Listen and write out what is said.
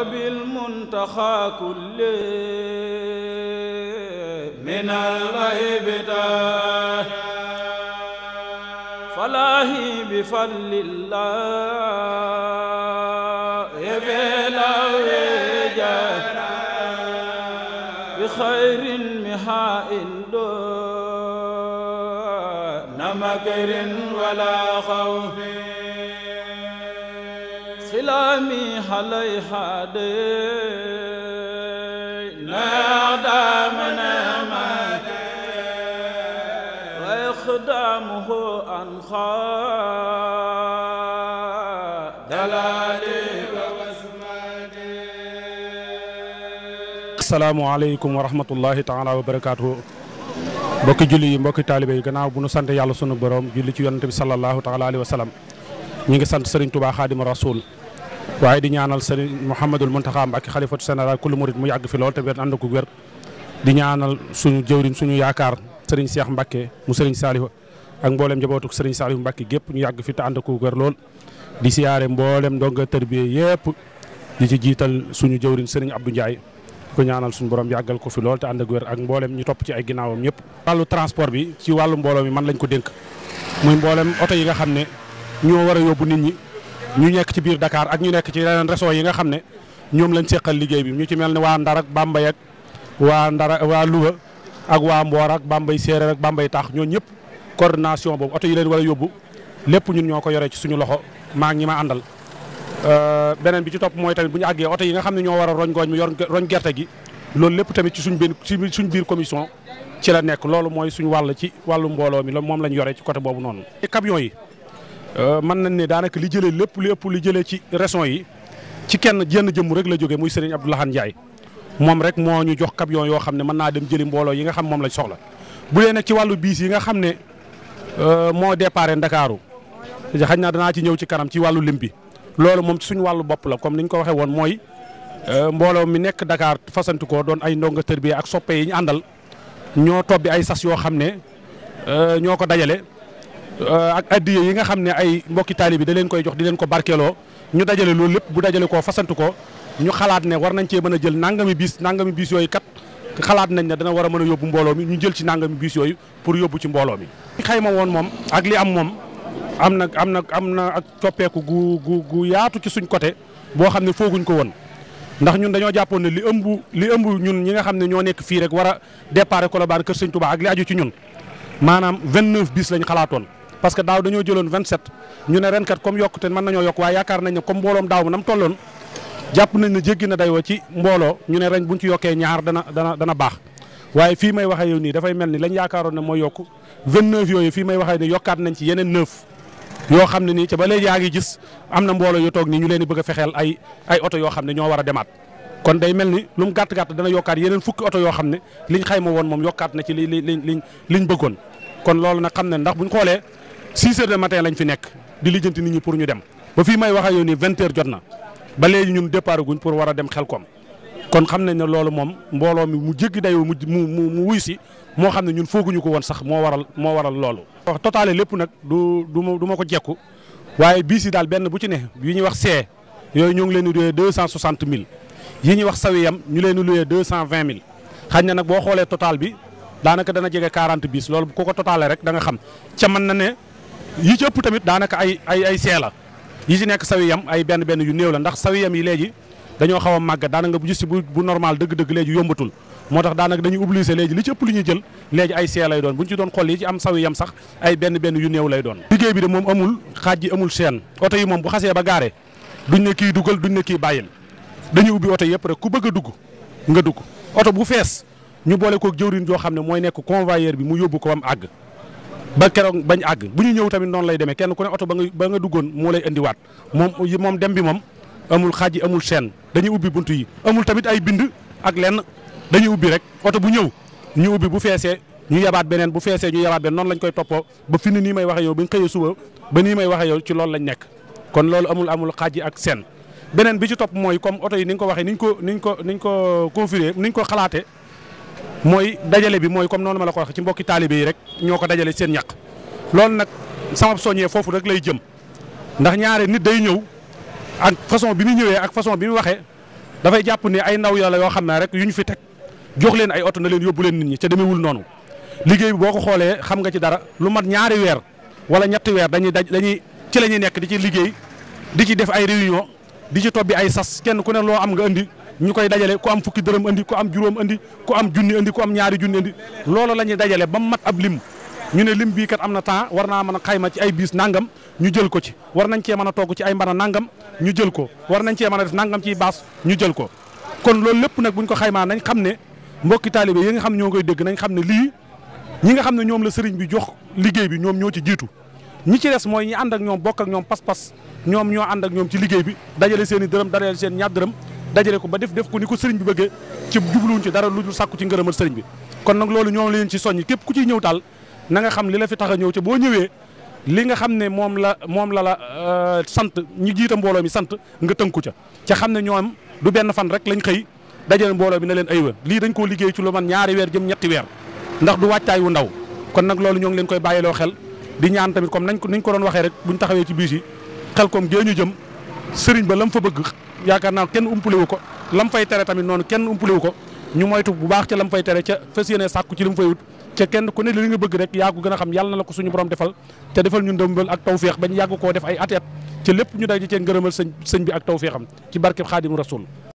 وبالمنتخى كله من الغيبة هي بفضل الله بلا بخير مها دون مكر ولا خوف سلامي علي حدي نادى من ويخدمه أنخاء دلالي ووسمادي السلام عليكم ورحمة الله تعالى وبركاته mbokki julli mbokki taalibe gannaaw bu nu yàlla sunu borom julli ci yonante bi sallallahu taala alayhi wa sallam ñi ngi sant Serigne Touba Xaadima Rasul waye di ñaanal sëriñ Mouhamadul muntaha Mbacké xalifatu senegal kul murid mu yag fi lol te wér ànd wer di ñaanal suñu jëwriñ suñu yaakar serigne Cheikh mbacke mu serigne salihu ak mbollem njabootuk serigne salihu mbacke gep ñu yag fi ta ànd wer lol di siyaare mbollem ndonga tërbiye yépp di ci jital suñu jëwriñ serigne Abdou ndjay ko ñaanal suñu borom yagal ko fi lol te ànd wer ak mbollem ñu top ci ay ginaawam walu transport bi ci walu mbooloo mi man lañ ko denk muy mbollem auto yi nga ño wara yobbu nit ñi ñu nekk ci biir dakaar ak ñu nekk ci yeneen régions yi nga xam ne ñoom lañ seqal liggéey bi ñu ci mel ne waa Ndar ak Bambey ak waa Ndar waa Louga ak waa Mboor ak Bambey Séeréer ak Bambey Taax ñooñu ñëpp coordination boobu oto yi leen war a yóbbu lépp ñun ñoo ko yore ci suñu loxo maa ngi ñi ma àndal. Euh, beneen bi ci topp mooy tamit bu ñu àggee oto yi nga xam ne ñoo war a roñ gooñ mi yor roñ gerte gi loolu lépp tamit ci suñ benn ci suñ biir commission ci la nekk loolu mooy suñu wàll ci wàllu mbooloo mi loolu moom lañ yore ci côté boobu noonu. camion yi Euh, mën nañ ne daanaka li jëlee lépp li ëpp li jëlee ci régions yi ci kenn jenn jëmmu rek la jógee muy Serigne Abdou Lahad moom rek moo ñu jox camion yoo xam ne mën naa dem jëli mbooloo yi nga xam moom lañ soxla bu dee ci wàllu biis yi nga xam ne euh, moo déparé Ndakaaru xëy naa danaa ci ñëw ci kanam ci wàllu lim bi loolu moom ci suñu wàllu bopp la comme ni ñu ko waxee woon mooy euh, mbooloo mi nekk ndakaar fasanti ko doon ay ndonga tër bi ak soppe yi ñu àndal ñoo bi ay sas yoo xam ne ñoo ko dajale Euh, ak addiye yi nga xam ne ay mbokki taalibe da leen koy jox di leen ko barkeeloo ñu dajale loolu lépp bu dajale koo fasantu ko ñu xalaat ne war nañ cee mën a jël nangami bis nangami bis yooyu kat xalaat ne dana war a mën a yóbbu mbooloo ñu jël ci nangami bis yooyu pour yóbbu ci mbooloo mi. xayma woon moom ak li am moom am na am na am na ak coppeeku gu gu yaatu ci suñ côté boo xam ne fooguñ ko woon ndax ñun dañoo jàppoon ne li ëmb li ëmb ñun ñi nga xam ne ñoo nekk fii rek war a déparé Colobane Kër Sëñ Touba ak li aju ci ñun maanaam 29 bis lañ xalaatoon. parce que daaw dañoo jëloon 27 ñu ne ren kat comme yokkute mën nañoo yokk waaye yaakaar nañ ne mbooloom daaw mi nam tolloon jàpp nañ ne jéggi na dayoo ci mbooloo ñu ne ren buñ yokkee ñaar dana dana dana baax waaye fii may waxee yow nii dafay mel ni lañ yaakaaroon ne mooy yokk 29 yooyu fii may waxee ne yokkaat nañ ci yeneen 9 yoo ne nii ca ba léegi ngi gis am na mbooloo yu toog nii ñu leen di bëgg a ay oto yoo xam ne ñoo war a demaat kon day mel ni lu mu gàtt gàtt dana yokkaat yeneen fukki oto yoo xam ne liñ xayma woon moom yokkaat na ci li li liñ liñ bëggoon kon loolu nag xam ne ndax buñ xoolee six heures de matin lañ fi nekk di lijjanti nit ñi pour ñu dem ba fii may wax ak yow nii vingt heures jot na ba léegi ñun départ guñ pour war a dem Xelkom kon xam nañ ne loolu moom mbooloo mi mu jéggi dayoo mu mu mu wuy si moo xam ne ñun fooguñu ko woon sax moo waral moo waral loolu. wax totaale lépp nag du du ma du ko jekku waaye bii si daal benn bu ci ne yi ñu wax see yooyu ñoo ngi leen di luyee deux cent soixante yi ñu wax sawiyam ñu leen di luyee deux cent vingt mille xañ na nag boo xoolee total bi daanaka dana jege quarante bis loolu ku ko totalee rek da nga xam ca mën na ne. yi ci ëpp tamit daanaka ay ay ay la yi ci nekk sawiyam ay benn benn yu néew la ndax sawiyam yi léegi dañoo xaw a màgg daanaka bu juste bu bu normal dëgg-dëgg léegi yombatul moo tax daanaka dañu obligé léegi li ci ëpp lu ñuy jël léegi ay see lay doon bu ñu ci doon xool yi ci am sawiyam sax ay benn benn yu néew lay doon liggéey bi de moom amul xaaj yi amul seen oto yi moom bu xasee ba gaare duñ ne kii dugal duñ ne kii bàyyil dañuy ubbi oto yëpp rek ku bëgg a dugg nga dugg oto bu fees ñu boole kook jëwriñ joo xam ne mooy nekk convoyeur bi mu yóbbu ko am àgg ba keroog bañ àgg bu ñu ñëw tamit noonu lay demee kenn ku ne oto ba nga ba nga duggoon moo lay indiwaat moom moom dem bi moom amul xaaj yi amul seen dañuy ubbi bunt yi amul tamit ay bind ak lenn dañuy ubbi rek oto bu ñëw ñu ubbi bu feesee ñu yabaat beneen bu feesee ñu yabaat beneen noonu lañ koy toppoo ba fi ni nii may waxee yow bi nga xëyee suba ba nii may waxee yow ci loolu lañ nekk kon loolu amul amul xaaj yi ak seen beneen bi ci topp mooy comme oto yi ni nga ko waxee niñ ko niñ ko niñ ko configuré niñ ko xalaatee mooy dajale bi mooy comme noonu ma la ko waxee ci mbokki taalibe yi rek ñoo ko dajale seen ñaq loolu nag sama soññee foofu rek lay jëm ndax ñaare nit day ñëw ak façon bi mu ñëwee ak façon bi mu waxee dafay jàpp ne ay ndaw yàlla yoo xam ne rek yu ñu fi teg jox leen ay oto na leen yóbbu leen nit ñi ca demewul noonu liggéey bi boo ko xoolee xam nga ci dara lu mat ñaari weer wala ñetti weer dañuy daj dañuy ci la ñuy nekk di ci liggéey di ci def ay réunion di ci tobbi ay sas kenn ku ne loo am nga indi ñu koy dajale ku am fukki dërëm andi ku am juróom andi ku am junni andi ku am ñaari junni andi looloo lañuy ñuy dajale ba mat ab lim ñu ne lim bii kat am na temps war naa mën a xayma ci ay biis nangam ñu jël ko ci war nañ cee mën a togg ci ay mbana nangam ñu jël ko war nañ cee mën a def nangam ci baas ñu jël ko kon loolu lépp nag buñ ko xaymaa nañ xam ne mbokki taalibe yi nga xam ñoo koy dégg nañ xam ne lii ñi nga xam ne ñoom la sëriñ bi jox liggéey bi ñoom ñoo ci jiitu ñi ci des mooy ñi ànd ak bokk ak ñoom pas-pas ñoom ñoo ànd ak ñoom liggéey bi dajale seen i dërëm dajale seen ñaar dërëm dajale ko ba def def ko ni ko sëriñ bi bëggee ci jubluwuñ ci dara lu dul sàkku ci ngërëmal sëriñ bi kon nag loolu ñoom leen ci soññ képp ku ciy ñëw taal na xam li la fi tax a ñëw ci boo ñëwee li nga xam ne moom la moom la la euh, sant ñi jiita mbooloo mi sant nga tënku ca ca xam ne ñoom du benn fan rek lañ xëy dajale mbooloo mi ne leen aywa lii dañ koo liggéey ci lu man ñaari weer jëm ñetti weer ndax du wàccaay wu ndaw kon nag loolu ñoo ngi leen koy bàyyiloo xel di ñaan tamit comme nañ ko niñ ko doon waxee rek buñ taxawee ci biis yi xel comme gée ñu jëm sëriñ ba lam fa bëgg yaakaar naa kenn umpaliwu ko lam fay tere tamit noonu kenn umpaliwu ko ñu moytu bu baax ca lam fay tere ca fas yéene sàkku ci li mu fay wut ca kenn ku ne li nga bëgg rek yaa ko gën a xam yàlla na la ko suñu borom defal te defal ñu ndëmbal ak tawféex bañ yàgg koo def ay at at ca lépp ñu daje cee ngërëmal sëñ sëñ bi ak tawféexam ci barkeb xaadimu rasul